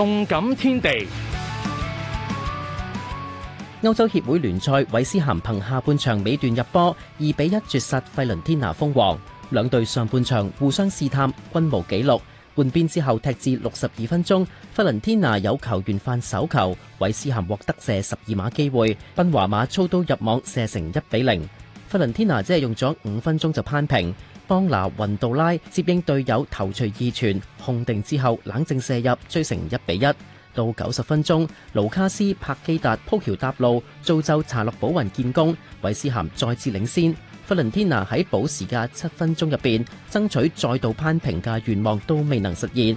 動感天地，歐洲協會聯賽，韋斯咸憑下半場尾段入波二比一絕殺費倫天拿封王。兩隊上半場互相試探，均無紀錄。換邊之後踢至六十二分鐘，費倫天拿有球員犯手球，韋斯咸獲得射十二碼機會，賓華馬操刀入網射成一比零。費倫天拿只係用咗五分鐘就攀平，邦拿雲杜拉接應隊友頭槌二傳，控定之後冷靜射入追成一比一。到九十分鐘，盧卡斯帕基達鋪橋搭路，造就查洛保雲建功，韋斯咸再次領先。費倫天拿喺補時嘅七分鐘入邊，爭取再度攀平嘅願望都未能實現。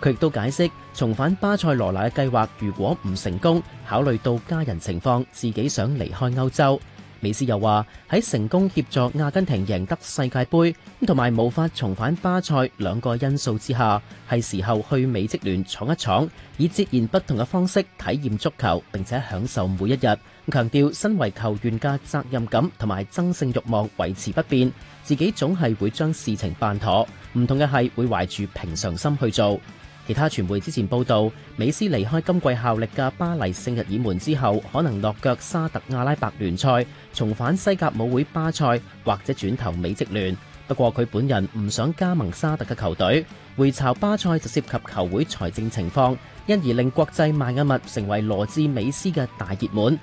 佢亦都解釋，重返巴塞羅那嘅計劃如果唔成功，考慮到家人情況，自己想離開歐洲。美斯又話：喺成功協助阿根廷贏得世界盃，咁同埋無法重返巴塞兩個因素之下，係時候去美職聯闖一闖，以截然不同嘅方式體驗足球，並且享受每一日。強調身為球員嘅責任感同埋爭勝慾望維持不變，自己總係會將事情辦妥。唔同嘅係會懷住平常心去做。其他傳媒之前報道，美斯離開今季效力嘅巴黎聖日耳門之後，可能落腳沙特阿拉伯聯賽，重返西甲舞會巴塞，或者轉投美職聯。不過佢本人唔想加盟沙特嘅球隊，回巢巴塞就涉及球會財政情況，因而令國際邁阿密成為羅致美斯嘅大熱門。